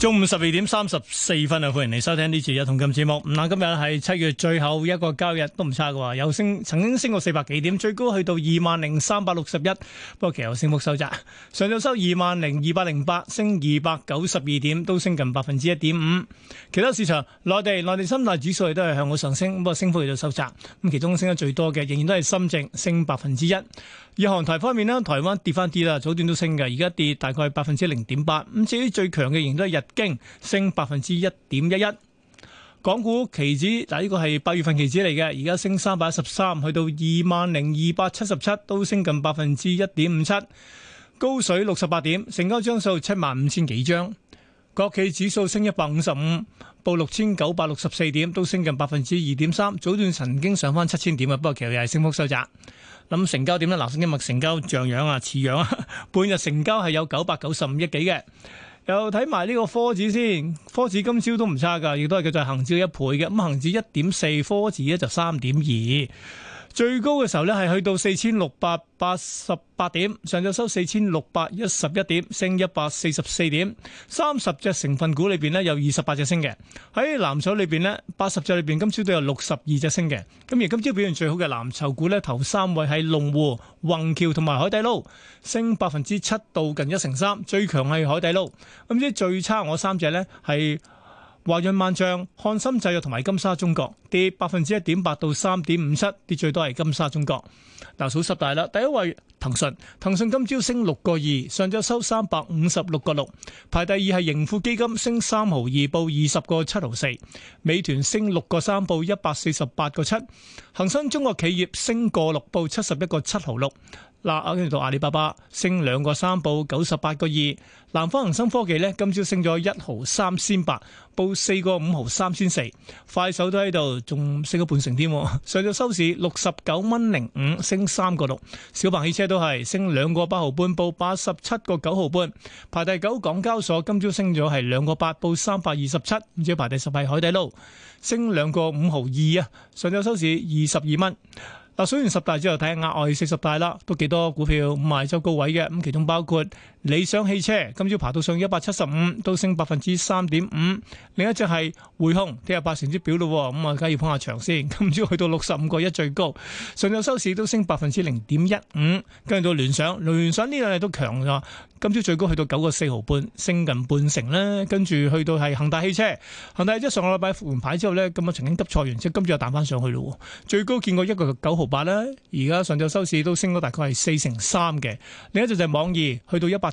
中午十二點三十四分啊！歡迎嚟收聽呢次日同今節目》。咁今日係七月最後一個交易日，都唔差嘅話，又升，曾經升過四百幾點，最高去到二萬零三百六十一，不過其後升幅收窄。上晝收二萬零二百零八，升二百九十二點，都升近百分之一點五。其他市場，內地內地三大指數亦都係向好上升，不過升幅亦都收窄。咁其中升得最多嘅仍然都係深證，升百分之一。以航台方面咧，台灣跌翻跌啦，早段都升嘅，而家跌大概百分之零點八。咁至於最強嘅仍都係日經升百分之一點一一。港股期指，嗱呢個係八月份期指嚟嘅，而家升三百一十三，去到二萬零二百七十七，都升近百分之一點五七。高水六十八點，成交張數七萬五千幾張。國企指數升一百五十五，報六千九百六十四點，都升近百分之二點三。早段曾經上翻七千點嘅，不過其實又係升幅收窄。諗成交點呢？藍色經濟成交像樣啊，似樣啊！半日成交係有九百九十五億幾嘅。又睇埋呢個科指先，科指今朝都唔差噶，亦都係叫做恒指一倍嘅。咁恒指一點四，科指呢，就三點二。最高嘅時候咧，係去到四千六百八十八點，上晝收四千六百一十一點，升一百四十四點。三十隻成分股裏邊呢，有二十八隻升嘅。喺藍籌裏邊呢，八十隻裏邊今朝都有六十二隻升嘅。咁而今朝表現最好嘅藍籌股呢，頭三位係龍湖、宏橋同埋海底撈，升百分之七到近一成三。最強係海底撈。咁即最差我三隻呢，係。華潤萬象、漢森製藥同埋金沙中國跌百分之一點八到三點五七，跌最多係金沙中國。嗱，數十大啦，第一位騰訊，騰訊今朝升六個二，上晝收三百五十六個六。排第二係盈富基金，升三毫二，報二十個七毫四。美團升六個三，報一百四十八個七。恒生中國企業升個六，報七十一個七毫六。嗱，跟住到阿里巴巴，升兩個三，報九十八個二。南方恒生科技呢，今朝升咗一毫三先八，報四個五毫三先四。快手都喺度，仲升咗半成添。上晝收市六十九蚊零五，升三個六。小鵬汽車都係升兩個八毫半，報八十七個九毫半。排第九，港交所今朝升咗係兩個八，報三百二十七，唔知排第十係海底撈，升兩個五毫二啊。上晝收市二十二蚊。嗱，選完十大之後，睇下額外四十大啦，都幾多股票賣咗高位嘅，咁其中包括。理想汽車今朝爬到上一百七十五，都升百分之三點五。另一隻係匯控，聽日八成之表咯，咁我梗係要捧下場先。今朝去到六十五個一最高，上晝收市都升百分之零點一五。跟住到聯想，聯想呢兩隻都強㗎，今朝最高去到九個四毫半，升近半成啦。跟住去到係恒大汽車，恒大汽車上個禮拜復完牌之後呢，咁啊曾經急挫完，即係今朝又彈翻上去咯。最高見過一個九毫八啦，而家上晝收市都升咗大概係四成三嘅。另一隻就係網易，去到一百。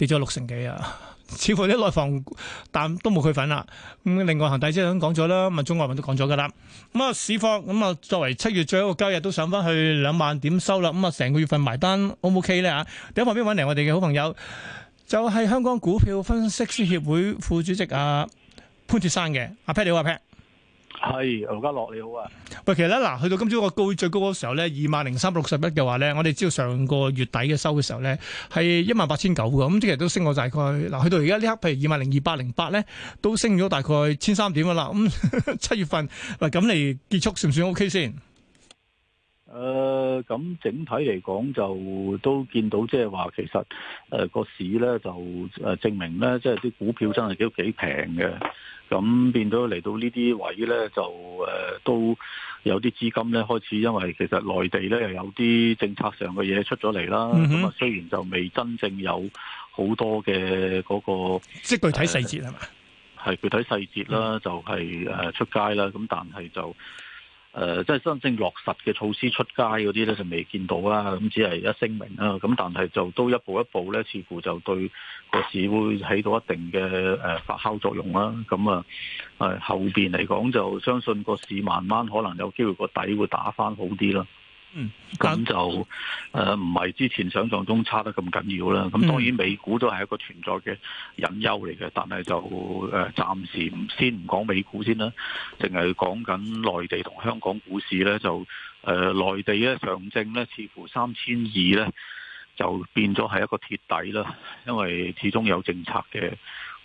跌咗六成幾啊！ 似乎啲內房但都冇佢份啦。咁另外恒大先講咗啦，物中外文都講咗噶啦。咁啊市況咁啊，作為七月最後一個交易日都上翻去兩萬點收啦。咁啊成個月份埋單 O 唔 O K 咧啊？喺旁邊搵嚟我哋嘅好朋友，就係、是、香港股票分析師協會副主席啊潘鐵珊嘅。阿 Pat 你好，阿 Pat 係，盧家樂你好啊。喂，其實咧，嗱，去到今朝個高最高嗰時候咧，二萬零三百六十一嘅話咧，我哋知道上個月底嘅收嘅時候咧，係一萬八千九嘅，咁即係都升咗大概。嗱，去到而家呢刻，譬如二萬零二百零八咧，都升咗大概千三點嘅啦。咁、嗯、七 月份，咁嚟結束算唔算 OK 先？誒，咁、呃、整體嚟講就都見到、呃，即係話其實誒個市咧就誒證明咧，即係啲股票真係幾幾平嘅。咁變到嚟到呢啲位咧，就誒、呃、都有啲資金咧開始，因為其實內地咧又有啲政策上嘅嘢出咗嚟啦。咁啊、嗯哼，雖然就未真正有好多嘅嗰、嗰個即係、呃、具體細節係咪？係具體細節啦，嗯、就係誒出街啦。咁但係就。誒，即係、呃、真正落實嘅措施出街嗰啲呢，就未見到啦。咁只係一聲明啦。咁但係就都一步一步呢，似乎就對個市會起到一定嘅誒發酵作用啦。咁啊，誒後邊嚟講就相信個市慢慢可能有機會個底會打返好啲啦。嗯，咁就誒唔係之前想象中差得咁緊要啦。咁當然美股都係一個存在嘅隱憂嚟嘅，但係就誒暫時唔先唔講美股先啦。淨係講緊內地同香港股市咧，就誒呃、內地咧上證咧似乎三千二咧就變咗係一個鐵底啦，因為始終有政策嘅。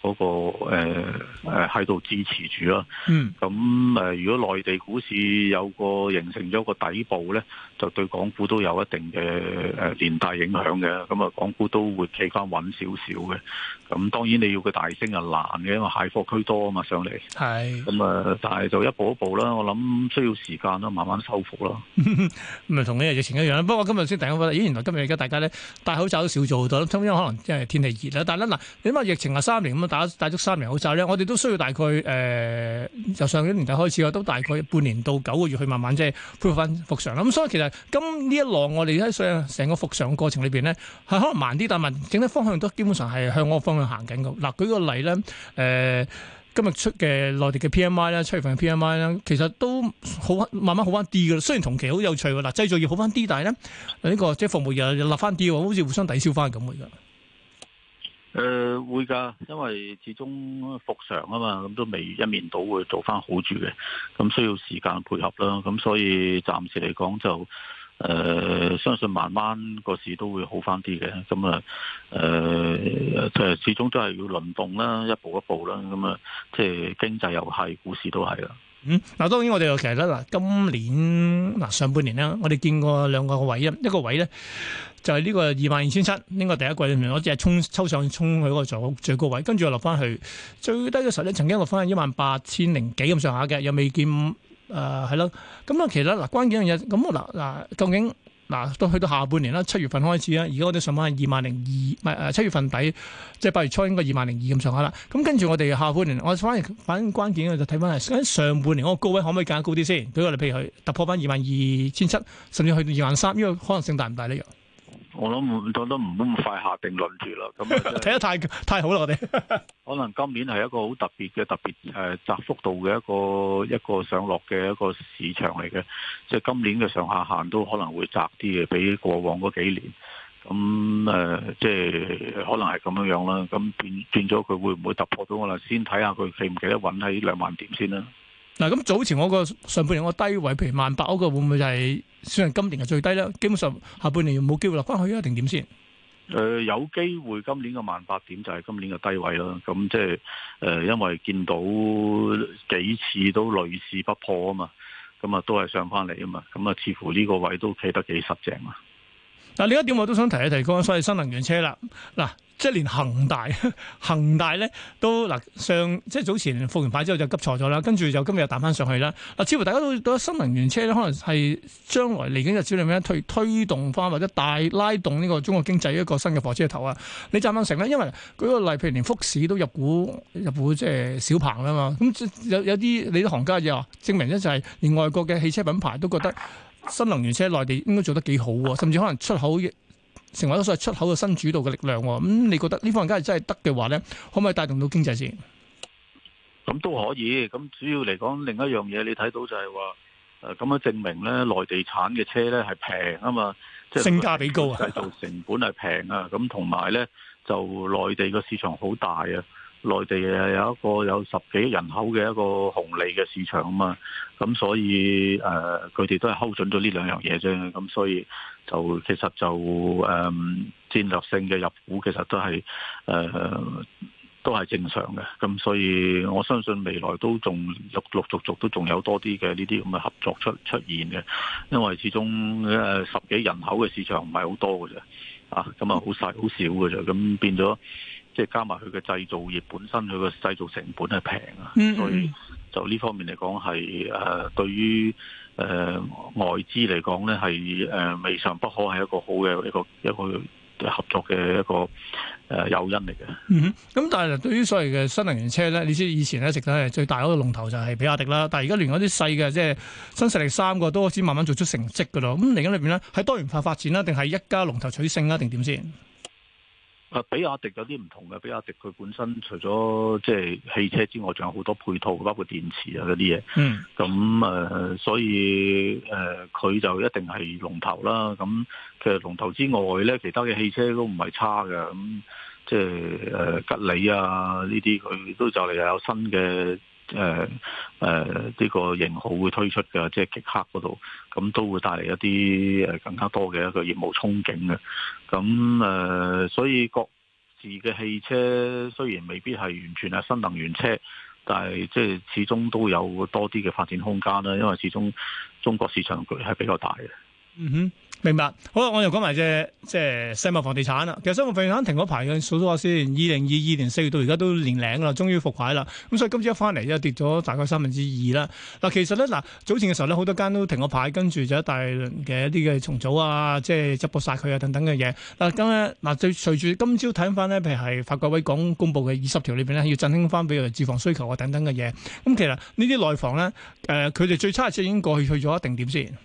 嗰個誒喺度支持住啦，嗯，咁誒如果內地股市有個形成咗個底部咧，就對港股都有一定嘅誒連帶影響嘅，咁啊，港股都會企翻穩少少嘅，咁當然你要佢大升又難嘅，因為蟹貨居多啊嘛上嚟，係是，咁啊、嗯，但係就一步一步啦，我諗需要時間咯，慢慢收復咯，咁啊同你疫情一樣，不過今日先突然覺得，咦原來今日而家大家咧戴口罩都少咗好多，咁因為可能即係天氣熱啦，但係咧嗱，起碼疫情啊三年咁打帶足三年口罩咧，我哋都需要大概誒、呃，由上一年底開始啊，都大概半年到九個月去慢慢即係恢復翻復常啦。咁、嗯、所以其實今呢一浪我哋喺上成個復常嘅過程裏邊咧，係可能慢啲，但係整體方向都基本上係向嗰個方向行緊嘅。嗱、呃，舉個例咧，誒、呃、今日出嘅內地嘅 P M I 啦，七月份嘅 P M I 啦，其實都好慢慢好翻啲嘅。雖然同期好有趣喎，嗱、呃、製造業好翻啲，但係咧呢、這個即係服務業又立翻啲喎，好似互相抵消翻咁嘅。誒、呃，會噶因為始終復常啊嘛，咁都未一面倒，會做翻好住嘅，咁、嗯、需要時間配合啦，咁、嗯、所以暫時嚟講就誒、呃，相信慢慢個市都會好翻啲嘅，咁啊誒，即、呃、係始終都係要輪動啦，一步一步啦，咁、嗯、啊，即係經濟又係，股市都係啦。嗯，嗱，當然我哋又其實咧，嗱，今年嗱上半年咧，我哋見過兩個位啊，一個位咧。就係呢個二萬二千七，應該第一季裏面我只係衝抽上衝去嗰個最高位，跟住我落翻去最低嘅時候咧，曾經落翻一萬八千零幾咁上下嘅，又未見誒係咯咁啊。其實嗱、呃，關鍵一樣嘢咁嗱嗱，究竟嗱、啊、都去到下半年啦，七月份開始啦，而家我哋上翻二萬零二唔係七月份底，即係八月初應該二萬零二咁上下啦。咁跟住我哋下半年，我反而反正關鍵嘅就睇翻係上半年嗰個高位可唔可以更加高啲先？舉個例，譬如突破翻二萬二千七，甚至去到二萬三，因為可能性大唔大呢？我諗我都唔好咁快下定論住啦，咁睇得太太好啦，我哋 可能今年係一個好特別嘅特別誒窄幅度嘅一個一個上落嘅一個市場嚟嘅，即係今年嘅上下限都可能會窄啲嘅，比過往嗰幾年咁誒，即係、呃就是、可能係咁樣樣啦。咁轉轉咗佢會唔會突破到我啦？先睇下佢企唔企得穩喺兩萬點先啦。嗱，咁早前我個上半年個低位譬如萬八嗰個會唔會就係、是、算係今年嘅最低啦？基本上下半年冇機會落翻去啊？定點先？誒、呃，有機會今年嘅萬八點就係今年嘅低位啦。咁即係誒，因為見到幾次都屢試不破啊嘛，咁啊都係上翻嚟啊嘛，咁啊似乎呢個位都企得幾實淨啊。嗱，呢一點我都想提一提講，所謂新能源車啦，嗱，即係連恒大、恒大咧都嗱上，即係早前復完牌之後就急錯咗啦，跟住就今日又彈翻上去啦。嗱，似乎大家都覺得新能源車咧，可能係將來嚟緊日子裡面推推動翻或者大拉動呢個中國經濟一個新嘅火車頭啊。你讚唔贊成咧？因為舉個例，譬如連福士都入股入股即係小鵬啊嘛，咁有有啲你啲行家又話證明一就係連外國嘅汽車品牌都覺得。新能源車內地應該做得幾好喎，甚至可能出口成為咗所謂出口嘅新主導嘅力量。咁、嗯、你覺得呢方而家真係得嘅話呢，可唔可以帶動到經濟先？咁都可以，咁主要嚟講，另一樣嘢你睇到就係話，誒，咁樣證明咧，內地產嘅車呢係平啊嘛，即係性價比高啊，就成本係平啊，咁同埋呢，就內地嘅市場好大啊。內地啊，有一個有十幾億人口嘅一個紅利嘅市場啊嘛，咁所以誒，佢、呃、哋都係睺準咗呢兩樣嘢啫，咁所以就其實就誒、呃、戰略性嘅入股其實都係誒、呃、都係正常嘅，咁所以我相信未來都仲陸陸續續都仲有多啲嘅呢啲咁嘅合作出出現嘅，因為始終誒、呃、十幾億人口嘅市場唔係好多嘅啫，啊咁啊好細好少嘅啫，咁變咗。即係加埋佢嘅製造業本身，佢嘅製造成本係平啊，所以就呢方面嚟講係誒，對於誒、呃、外資嚟講咧，係、呃、誒未嘗不可，係一個好嘅一個一個，一個合作嘅一個誒誘、呃、因嚟嘅。咁、嗯嗯、但係對於所謂嘅新能源車咧，你知以前咧，一直咧最大嗰個龍頭就係比亞迪啦，但係而家連嗰啲細嘅即係新勢力三個都開始慢慢做出成績噶啦。咁嚟緊裏邊咧，喺多元化發展啦，定係一家龍頭取勝啊，定點先？但係，比亞迪有啲唔同嘅，比亞迪佢本身除咗即係汽車之外，仲有好多配套，包括電池啊嗰啲嘢。嗯。咁誒、呃，所以誒，佢、呃、就一定係龍頭啦。咁其實龍頭之外咧，其他嘅汽車都唔係差嘅。咁即係誒，吉利啊呢啲，佢都就嚟又有新嘅。誒誒，呢、呃呃這個型號會推出嘅，即係極客嗰度，咁都會帶嚟一啲誒更加多嘅一個業務憧憬嘅。咁誒、呃，所以各自嘅汽車雖然未必係完全係新能源車，但係即係始終都有多啲嘅發展空間啦。因為始終中國市場佢係比較大嘅。嗯哼，明白。好啦，我又講埋隻即係世貿房地產啦。其實世貿房地產停咗牌嘅，數數下先，二零二二年四月到而家都年零啦，終於復牌啦。咁所以今朝一翻嚟，就跌咗大概三分之二啦。嗱，其實咧嗱，早前嘅時候咧，好多間都停咗牌，跟住就一大輪嘅一啲嘅重組啊，即係執波晒佢啊等等嘅嘢。嗱，咁咧嗱，隨住今朝睇翻咧，譬如係發改委講公布嘅二十條裏邊咧，要振興翻譬如住房需求啊等等嘅嘢。咁其實內呢啲內房咧，誒、呃，佢哋最差嘅即係已經過去去咗一定點先。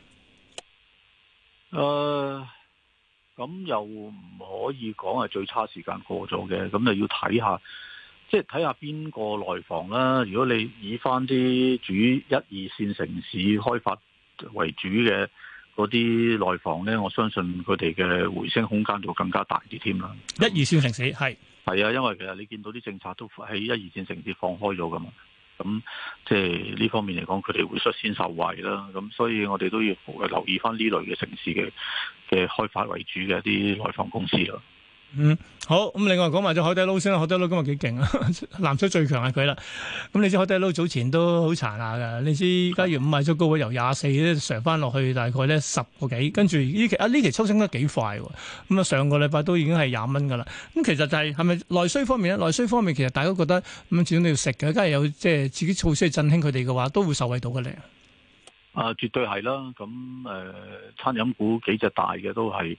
誒，咁、呃、又唔可以講係最差時間過咗嘅，咁就要睇下，即係睇下邊個內房啦。如果你以翻啲主一二線城市開發為主嘅嗰啲內房呢，我相信佢哋嘅回升空間就會更加大啲添啦。嗯、一二線城市係係啊，因為其實你見到啲政策都喺一二線城市放開咗噶嘛。咁即係呢方面嚟講，佢哋會率先受惠啦。咁所以我哋都要留意返呢類嘅城市嘅嘅開發為主嘅一啲內房公司咯。嗯，好，咁另外講埋隻海底撈先啦，海底撈今日幾勁啊，南 水最強係佢啦。咁你知海底撈早前都好殘下噶，你知而家越賣咗高位，由廿四咧上翻落去大概咧十個幾，跟住呢期啊呢期抽升得幾快喎。咁啊上個禮拜都已經係廿蚊噶啦。咁其實就係係咪內需方面咧？內需方面其實大家覺得咁始終你要食嘅，梗係有即係自己措施去振興佢哋嘅話，都會受惠到嘅咧。啊，絕對係啦。咁誒、呃，餐飲股幾隻大嘅都係。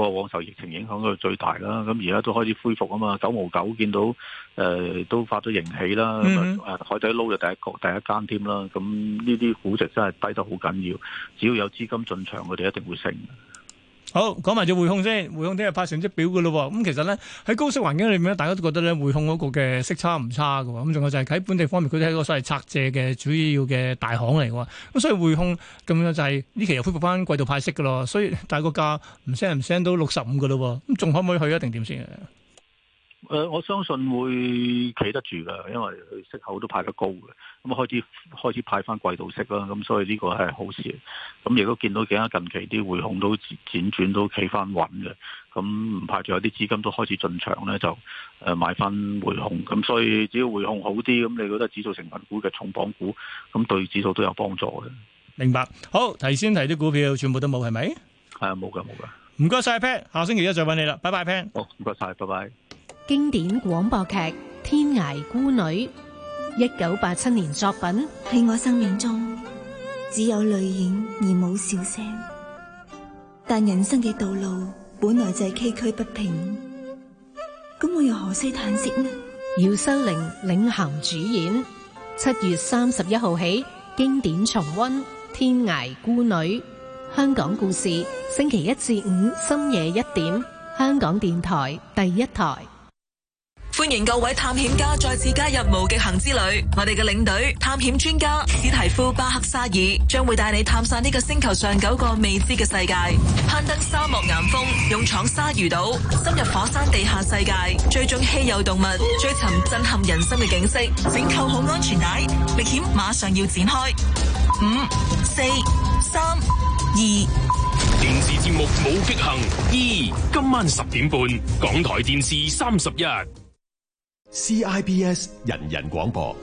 過往受疫情影響佢最大啦，咁而家都開始恢復啊嘛，九毛九見到誒、呃、都發咗盈喜啦，誒、mm hmm. 海底撈就第一個第一間添啦，咁呢啲估值真係低得好緊要，只要有資金進場，佢哋一定會升。好，講埋隻匯控先，匯控聽日派成績表噶咯。咁、嗯、其實咧喺高息環境裏面咧，大家都覺得咧匯控嗰個嘅息差唔差噶。咁、嗯、仲有就係喺本地方面，佢都係個所謂拆借嘅主要嘅大行嚟嘅。咁、嗯、所以匯控咁樣、嗯、就係、是、呢期又恢復翻季度派息噶咯。所以但係個價唔升唔升都六十五噶咯。咁、嗯、仲可唔可以去一定點先？誒、呃，我相信會企得住噶，因為佢息口都派得高嘅，咁、嗯、開始開始派翻季度息啦，咁、嗯、所以呢個係好事。咁、嗯、亦都見到而家近期啲匯控都輾轉都企翻穩嘅，咁唔排除有啲資金都開始進場咧，就誒買翻匯控，咁、嗯、所以只要匯控好啲，咁、嗯、你覺得指數成分股嘅重磅股，咁、嗯、對指數都有幫助嘅。明白，好，提先提啲股票，全部都冇係咪？係啊，冇噶，冇噶。唔該晒 Pat，下星期一再揾你啦，拜拜，Pat。好，唔該晒，拜拜。經典廣播劇天涯孤女1987年作品,喺我生命中只有淚影而冇笑聲。但人生嘅道路本來就係崎嶇不平,噉我又何須嘆息呢?姚秀玲領銜主演,七月三十一號起,經典重溫天涯孤女。香港故事,星期一至五深夜一點,香港電台第一台。歡迎各位探險家再次加入《無極行之旅》，我哋嘅領隊探險專家史提夫巴克沙爾將會帶你探索呢個星球上九個未知嘅世界，攀登沙漠岩峰，勇闖鯊魚島，深入火山地下世界，追蹤稀有動物，追尋震撼人心嘅景色。請扣好安全帶，歷險馬上要展開。五、四、三、二，電視節目《冇極行》二今晚十點半，港台電視三十一。CIBS 人人廣播，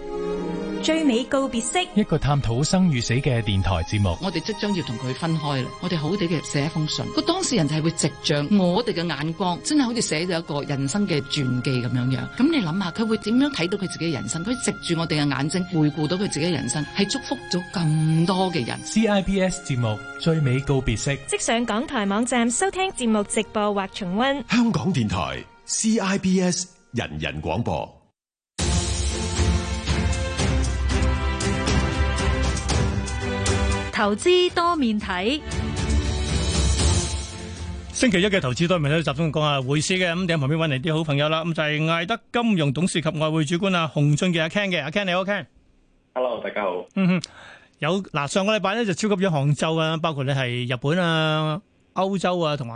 最美告別式，一個探討生與死嘅電台節目。我哋即將要同佢分開啦，我哋好好地嘅寫一封信。個當事人就係會直向我哋嘅眼光，真係好似寫咗一個人生嘅傳記咁樣樣。咁你諗下，佢會點樣睇到佢自己嘅人生？佢直住我哋嘅眼睛，回顧到佢自己嘅人生，係祝福咗更多嘅人。CIBS 節目最美告別式，即上港台網站收聽節目直播或重溫。香港電台 CIBS。C I B S 人人廣播，投資多面睇。星期一嘅投資多面睇，集中講下匯市嘅。咁你喺旁邊揾嚟啲好朋友啦。咁就係艾德金融董事及外匯主管阿熊俊傑嘅阿 Ken 嘅。阿 Ken 你好，Ken。Hello，大家好。嗯哼，有嗱，上個禮拜咧就超級咗杭州啊，包括你係日本啊、歐洲啊同埋。